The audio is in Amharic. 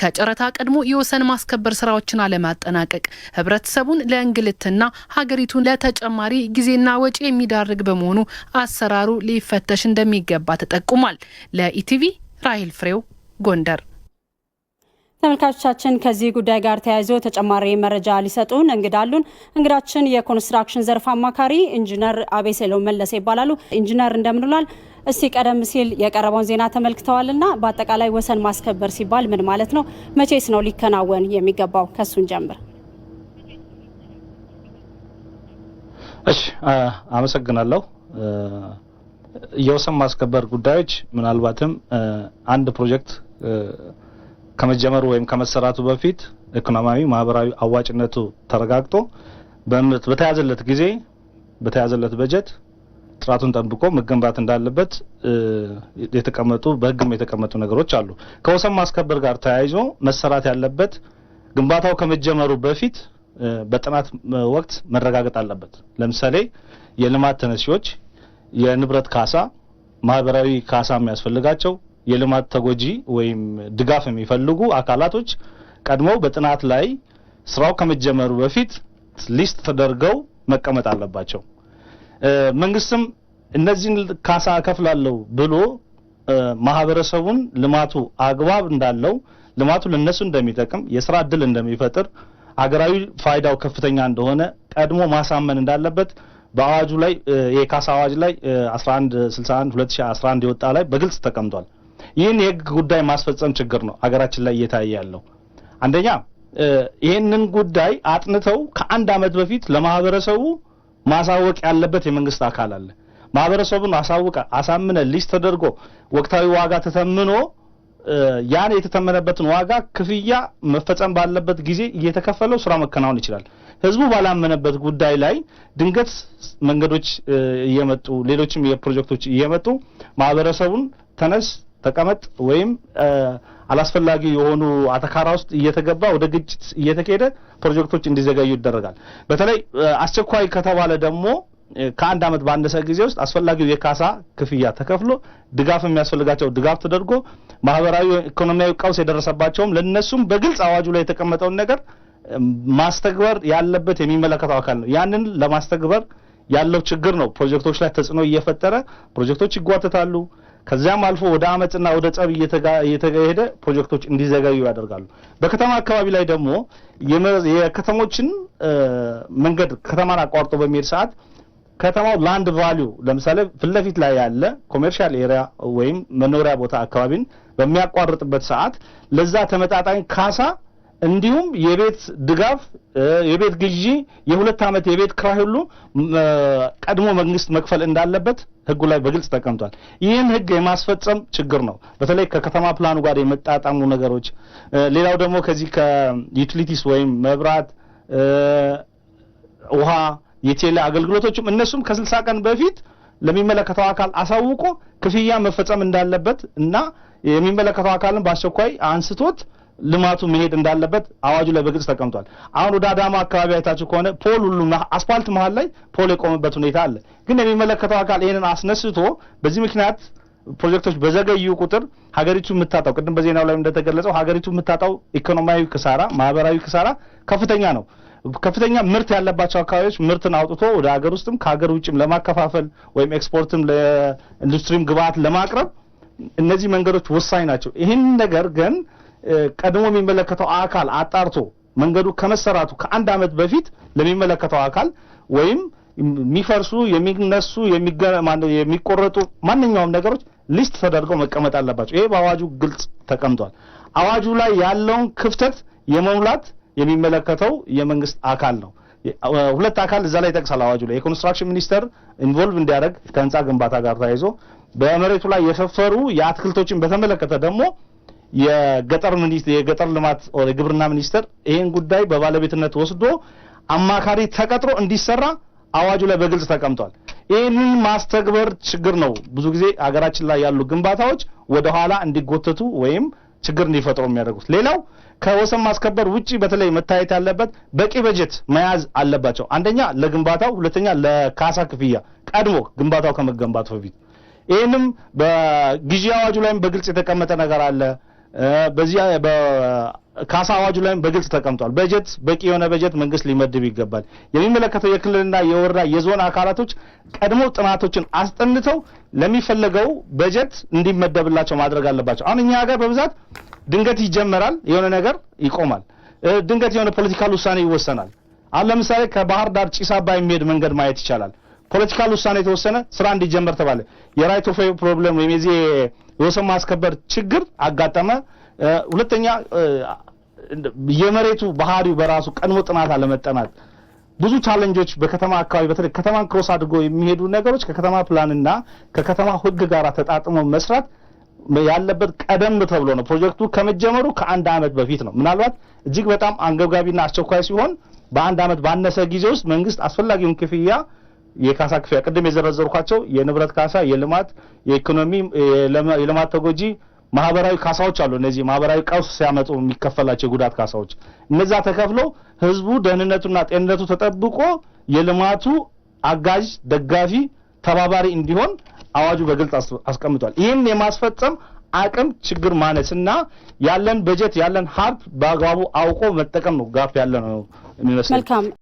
ከጨረታ ቀድሞ የወሰን ማስከበር ስራዎችን አለማጠናቀቅ ህብረተሰቡን ለእንግልትና ሀገሪቱን ለተጨማሪ ጊዜና ወጪ የሚዳርግ በመሆኑ አሰራሩ ሊፈተሽ እንደሚገባ ተጠቁሟል። ለኢቲቪ ራሂል ፍሬው ጎንደር። ተመልካቾቻችን ከዚህ ጉዳይ ጋር ተያይዞ ተጨማሪ መረጃ ሊሰጡን እንግዳሉን እንግዳችን የኮንስትራክሽን ዘርፍ አማካሪ ኢንጂነር አቤሴሎ መለሰ ይባላሉ። ኢንጂነር እንደምንላል እስቲ ቀደም ሲል የቀረበውን ዜና ተመልክተዋልና በአጠቃላይ ወሰን ማስከበር ሲባል ምን ማለት ነው? መቼስ ነው ሊከናወን የሚገባው? ከሱን ጀምር። እሺ፣ አመሰግናለሁ። የወሰን ማስከበር ጉዳዮች ምናልባትም አንድ ፕሮጀክት ከመጀመሩ ወይም ከመሰራቱ በፊት ኢኮኖሚያዊ፣ ማህበራዊ አዋጭነቱ ተረጋግጦ በተያዘለት ጊዜ በተያዘለት በጀት ጥራቱን ጠብቆ መገንባት እንዳለበት የተቀመጡ በህግም የተቀመጡ ነገሮች አሉ። ከወሰን ማስከበር ጋር ተያይዞ መሰራት ያለበት ግንባታው ከመጀመሩ በፊት በጥናት ወቅት መረጋገጥ አለበት። ለምሳሌ የልማት ተነሺዎች የንብረት ካሳ፣ ማህበራዊ ካሳ የሚያስፈልጋቸው የልማት ተጎጂ ወይም ድጋፍ የሚፈልጉ አካላቶች ቀድሞው በጥናት ላይ ስራው ከመጀመሩ በፊት ሊስት ተደርገው መቀመጥ አለባቸው። መንግስትም እነዚህን ካሳ እከፍላለሁ ብሎ ማህበረሰቡን ልማቱ አግባብ እንዳለው ልማቱ ለነሱ እንደሚጠቅም የስራ እድል እንደሚፈጥር አገራዊ ፋይዳው ከፍተኛ እንደሆነ ቀድሞ ማሳመን እንዳለበት በአዋጁ ላይ የካሳ አዋጅ ላይ 1161 2011 የወጣ ላይ በግልጽ ተቀምጧል። ይህን የህግ ጉዳይ ማስፈጸም ችግር ነው አገራችን ላይ እየታየ ያለው። አንደኛ ይህንን ጉዳይ አጥንተው ከአንድ አመት በፊት ለማህበረሰቡ ማሳወቅ ያለበት የመንግስት አካል አለ። ማህበረሰቡን አሳውቀ አሳምነ ሊስ ተደርጎ ወቅታዊ ዋጋ ተተምኖ ያን የተተመነበትን ዋጋ ክፍያ መፈጸም ባለበት ጊዜ እየተከፈለው ስራ መከናወን ይችላል። ህዝቡ ባላመነበት ጉዳይ ላይ ድንገት መንገዶች እየመጡ ሌሎችም የፕሮጀክቶች እየመጡ ማህበረሰቡን ተነስ ተቀመጥ ወይም አላስፈላጊ የሆኑ አተካራ ውስጥ እየተገባ ወደ ግጭት እየተካሄደ ፕሮጀክቶች እንዲዘገዩ ይደረጋል። በተለይ አስቸኳይ ከተባለ ደግሞ ከአንድ ዓመት ባነሰ ጊዜ ውስጥ አስፈላጊው የካሳ ክፍያ ተከፍሎ ድጋፍ የሚያስፈልጋቸው ድጋፍ ተደርጎ ማህበራዊ፣ ኢኮኖሚያዊ ቀውስ የደረሰባቸውም ለነሱም በግልጽ አዋጁ ላይ የተቀመጠውን ነገር ማስተግበር ያለበት የሚመለከተው አካል ነው። ያንን ለማስተግበር ያለው ችግር ነው ፕሮጀክቶች ላይ ተጽዕኖ እየፈጠረ ፕሮጀክቶች ይጓተታሉ። ከዚያም አልፎ ወደ አመፅና ወደ ጸብ እየተሄደ ፕሮጀክቶች እንዲዘገዩ ያደርጋሉ። በከተማ አካባቢ ላይ ደግሞ የከተሞችን መንገድ ከተማን አቋርጦ በሚሄድ ሰዓት ከተማው ላንድ ቫሊዩ ለምሳሌ ፊት ለፊት ላይ ያለ ኮሜርሻል ኤሪያ ወይም መኖሪያ ቦታ አካባቢን በሚያቋርጥበት ሰዓት ለዛ ተመጣጣኝ ካሳ እንዲሁም የቤት ድጋፍ፣ የቤት ግዢ፣ የሁለት ዓመት የቤት ክራይ ሁሉ ቀድሞ መንግስት መክፈል እንዳለበት ህጉ ላይ በግልጽ ተቀምጧል። ይህን ህግ የማስፈጸም ችግር ነው። በተለይ ከከተማ ፕላኑ ጋር የመጣጣሙ ነገሮች። ሌላው ደግሞ ከዚህ ከዩቲሊቲስ ወይም መብራት፣ ውሃ፣ የቴሌ አገልግሎቶችም እነሱም ከስልሳ ቀን በፊት ለሚመለከተው አካል አሳውቆ ክፍያ መፈጸም እንዳለበት እና የሚመለከተው አካልን በአስቸኳይ አንስቶት ልማቱ መሄድ እንዳለበት አዋጁ ላይ በግልጽ ተቀምጧል። አሁን ወደ አዳማ አካባቢ አይታችሁ ከሆነ ፖል ሁሉ አስፋልት መሀል ላይ ፖል የቆመበት ሁኔታ አለ። ግን የሚመለከተው አካል ይህንን አስነስቶ በዚህ ምክንያት ፕሮጀክቶች በዘገዩ ቁጥር ሀገሪቱ የምታጣው ቅድም በዜናው ላይ እንደተገለጸው ሀገሪቱ የምታጣው ኢኮኖሚያዊ ክሳራ፣ ማህበራዊ ክሳራ ከፍተኛ ነው። ከፍተኛ ምርት ያለባቸው አካባቢዎች ምርትን አውጥቶ ወደ ሀገር ውስጥም ከሀገር ውጭም ለማከፋፈል ወይም ኤክስፖርትም ለኢንዱስትሪም ግብአት ለማቅረብ እነዚህ መንገዶች ወሳኝ ናቸው። ይህን ነገር ግን ቀድሞ የሚመለከተው አካል አጣርቶ መንገዱ ከመሰራቱ ከአንድ ዓመት በፊት ለሚመለከተው አካል ወይም የሚፈርሱ የሚነሱ የሚቆረጡ ማንኛውም ነገሮች ሊስት ተደርገው መቀመጥ አለባቸው። ይሄ በአዋጁ ግልጽ ተቀምጧል። አዋጁ ላይ ያለውን ክፍተት የመሙላት የሚመለከተው የመንግስት አካል ነው። ሁለት አካል እዛ ላይ ይጠቅሳል አዋጁ ላይ የኮንስትራክሽን ሚኒስቴር ኢንቮልቭ እንዲያደርግ ከህንፃ ግንባታ ጋር ተያይዞ በመሬቱ ላይ የሰፈሩ የአትክልቶችን በተመለከተ ደግሞ የገጠር ሚኒስቴር የገጠር ልማት ወይ ግብርና ሚኒስቴር ይሄን ጉዳይ በባለቤትነት ወስዶ አማካሪ ተቀጥሮ እንዲሰራ አዋጁ ላይ በግልጽ ተቀምጧል። ይህንን ማስተግበር ችግር ነው። ብዙ ጊዜ ሀገራችን ላይ ያሉ ግንባታዎች ወደኋላ እንዲጎተቱ ወይም ችግር እንዲፈጥሩ የሚያደርጉት። ሌላው ከወሰን ማስከበር ውጪ በተለይ መታየት ያለበት በቂ በጀት መያዝ አለባቸው። አንደኛ ለግንባታው፣ ሁለተኛ ለካሳ ክፍያ ቀድሞ ግንባታው ከመገንባቱ በፊት ይህንም በግዢ አዋጁ ላይም በግልጽ የተቀመጠ ነገር አለ። በዚህ ካሳ አዋጁ ላይም በግልጽ ተቀምጧል። በጀት በቂ የሆነ በጀት መንግስት ሊመድብ ይገባል። የሚመለከተው የክልልና የወረዳ የዞን አካላቶች ቀድሞ ጥናቶችን አስጠንተው ለሚፈለገው በጀት እንዲመደብላቸው ማድረግ አለባቸው። አሁን እኛ ሀገር በብዛት ድንገት ይጀመራል፣ የሆነ ነገር ይቆማል። ድንገት የሆነ ፖለቲካል ውሳኔ ይወሰናል። አሁን ለምሳሌ ከባህር ዳር ጭስ አባይ የሚሄድ መንገድ ማየት ይቻላል። ፖለቲካል ውሳኔ የተወሰነ ስራ እንዲጀመር ተባለ። የራይት ኦፍ ፕሮብለም ወይም የዚህ የወሰን ማስከበር ችግር አጋጠመ። ሁለተኛ የመሬቱ ባህሪው በራሱ ቀድሞ ጥናት አለመጠናት ብዙ ቻለንጆች በከተማ አካባቢ በተለይ ከተማን ክሮስ አድርጎ የሚሄዱ ነገሮች ከከተማ ፕላንና ከከተማ ሕግ ጋር ተጣጥሞ መስራት ያለበት ቀደም ተብሎ ነው። ፕሮጀክቱ ከመጀመሩ ከአንድ ዓመት በፊት ነው። ምናልባት እጅግ በጣም አንገብጋቢና አስቸኳይ ሲሆን በአንድ ዓመት ባነሰ ጊዜ ውስጥ መንግስት አስፈላጊውን ክፍያ የካሳ ክፍያ ቅድም የዘረዘርኳቸው የንብረት ካሳ፣ የልማት፣ የኢኮኖሚ፣ የልማት ተጎጂ ማህበራዊ ካሳዎች አሉ። እነዚህ ማህበራዊ ቀውስ ሲያመጡ የሚከፈላቸው የጉዳት ካሳዎች እነዛ ተከፍለው ህዝቡ ደህንነቱና ጤንነቱ ተጠብቆ የልማቱ አጋዥ፣ ደጋፊ፣ ተባባሪ እንዲሆን አዋጁ በግልጽ አስቀምጧል። ይህን የማስፈጸም አቅም ችግር ማነስ እና ያለን በጀት ያለን ሀብት በአግባቡ አውቆ መጠቀም ነው ጋፍ ያለ ነው የሚመስለው።